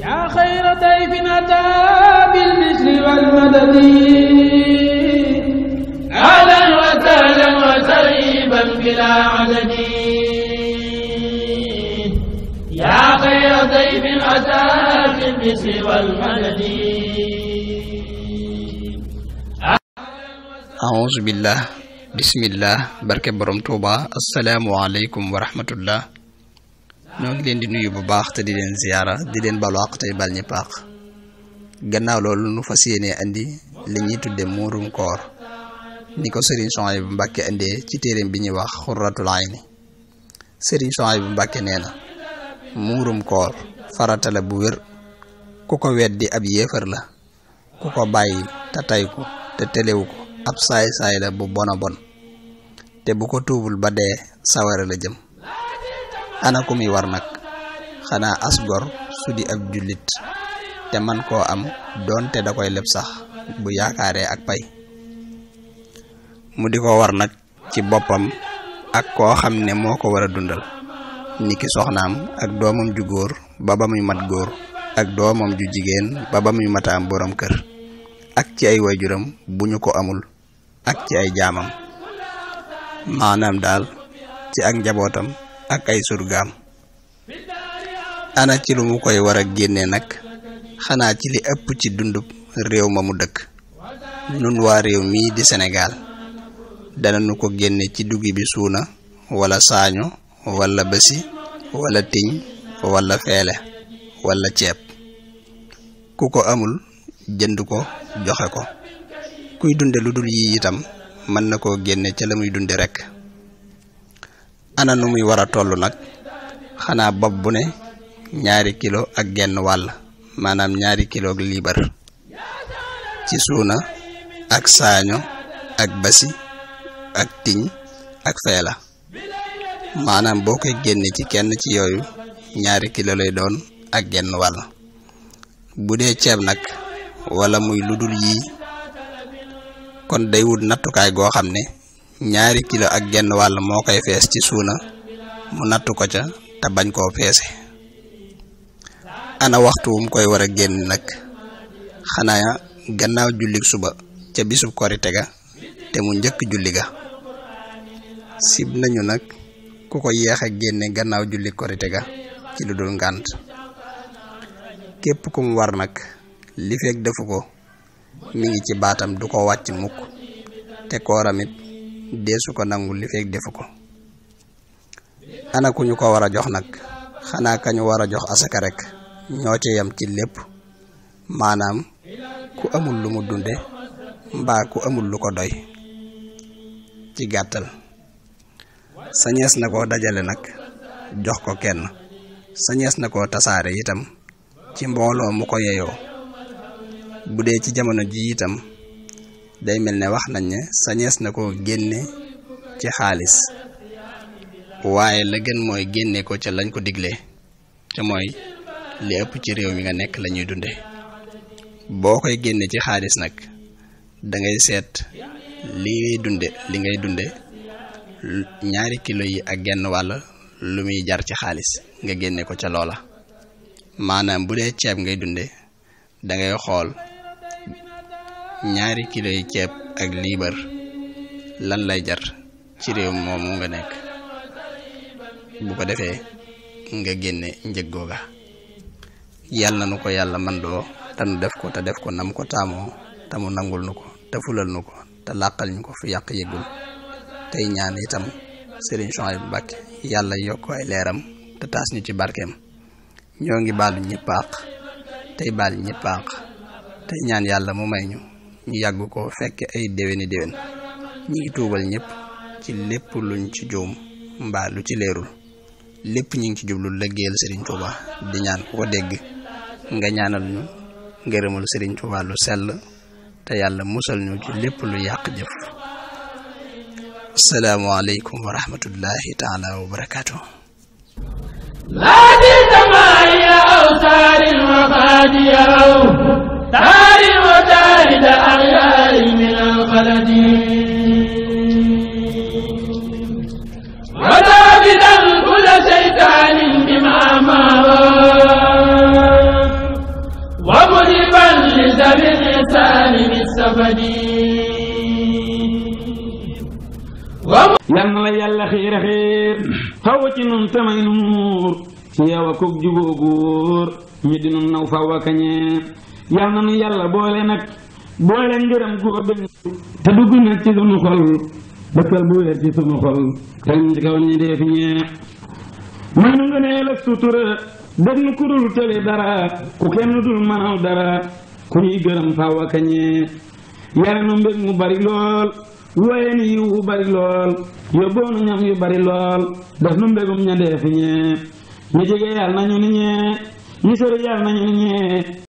يا خير طيف أتى بالمثل والمدد أهلا وسهلا وسريبا بلا عدد يا خير طيف أتى بالمثل والمدد أعوذ بالله بسم الله بركة برمتوبة السلام عليكم ورحمة الله ñoo ngi leen di nuyu bu baax te di leen ziyaara di leen balu àq tey bal ñi paax gannaaw loolu nu fas yéenee andi li ñuy tuddee muurum koor ni ko sëriñ bu Mbàkke indee ci téereem bi ñuy wax xurratul ayni sëriñ Souhaïbou Mbàkke nee na muurum koor farata la bu wér ku ko weddi ab yéefar la ku ko bàyyi te tay ko te telewu ko ab saay-saay la bu bona bon te bu ko tuubul ba dee sawara la jëm ana ku muy war nak xana asgor Sudi di ab te man ko am doonte da koy lepp sax bu yaakaaree ak pay mu diko ko war nak ci bopam ak ko xamne moko wara dundal niki soxnam ak domam ju gor ba muy mat gor ak domam ju jigen mata am borom kër ak ci ay buñu ko amul ak ci ay jaamam manam dal ci ak njabotam ak ay surgaam ana ci lu mu koy war a génne nag xanaa ci li ëpp ci dundub réew ma mu dëkk nun waa réew mii di Sénégal danañu ko génne ci dugg bi suuna walla saaño wala bési wala tiñ wala feele wala ceeb ku ko amul jënd ko joxe ko kuy dunde lu dul yi itam mën na koo génne ca la muy dunde rekk ana nu muy war a toll nag xanaa bopp bu ne ñaari kilo ak genn wàll maanaam ñaari kilo ak liibar ci suuna ak saaño ak basi ak tiñ ak feela maanaam boo koy génne ci kenn ci yooyu ñaari kilo lay doon ak genn wàll bu dee ceeb nag wala muy lu dul yii kon day wut nattukaay goo xam ne ñaari kilo ak genn wàll moo koy fees ci suuna mu nattu ko ca te bañ koo peese ana waxtu wum koy war a génn nag xanaa ya, gannaaw jullig suba ca bisub korite ga te mu njëkk julli ga sib nañu nag ku ko yeex a génne gannaaw julli korite ga ci lu dul ngànt képp ku mu war nag li fekk defu ko mi ngi ci baatam du ko wàcc mukk te deesu ko nangu li fekk defu ko ana ñu ko war a jox nag xanaa kañu war a jox asaka rek ñoo ci yam ci lépp maanaam ku amul lu mu dunde mbaa ku amul lu ko doy ci gàttal sañees na koo dajale nag jox ko kenn sañees na koo tasaare itam ci mbooloo mu ko yeyoo bu dee ci jamono ji itam day mel ne wax nañ ne sañees na ko génne ci xaalis waaye la gën mooy génne ko ca lañ ko diglee te mooy li ëpp ci réew mi nga nekk lañuy ñuy dunde boo koy génne ci xaalis nag dangay seet li ngay dunde li ngay dunde ñaari kilo yi ak genn wàll lu muy jar ci xaalis nga génne ko ca loola maanaam bu dee ceeb ngay dunde dangay xool ñaari kiloy ceeb ak liibar lan lay jar ci réew moomu nga nekk bu ko defee nga génne njëg googa yàlla na nu ko yàlla man doo te nu def ko te def ko nam ko taamoo te mu nangul nu ko te fulal nu ko te làqal ñu ko fu yàq yëggul tey ñaan itam sëriñ bu Mbacké yàlla yokk ay leeram te taas ñu ci barkeem ñoo ngi baalu ñëpp àq tey baal ñëpp àq tey ñaan yàlla mu may ñu ñu yàgg ko fekke ay déwéni déwén ñi ngi tuubal ñépp ci lépp luñ ci jóom mbaa lu ci leerul lépp ñi ngi ci jublu lëggéeyal Serigne Touba di ñaan ko dégg nga ñaanal ñu ngërëmal Serigne Touba lu sell te yàlla musal ñu ci lépp lu yàq jëf asalaamaaleykum wa rahmatullahi taala wa barakaatu لا تسمع يا أوتار المفاتيح yal na la yàlla xiir a xiir faw ci nun tamay nuur ci yow a kog juboo góor ñi di nun naw faw kañee yal na nu yàlla boole nag boole ngërëm góor benn te dugg ci sunu xol dëkkal bu wér ci sunu xol te ñu ci kaw ñi dee fi ñee may nu sutura def nu ku dul tëli dara ku kenn dul mënaw dara ku ñuy gërëm faw kañee yaranu mbég mu bari lool wooyee ni yiw wu lool yóbboonu ñam yu bari lool daf nu mbégum ña dee fi ñee ñu jege yàlla nañu ni ñee ñu sori yàlla nañu ni ñee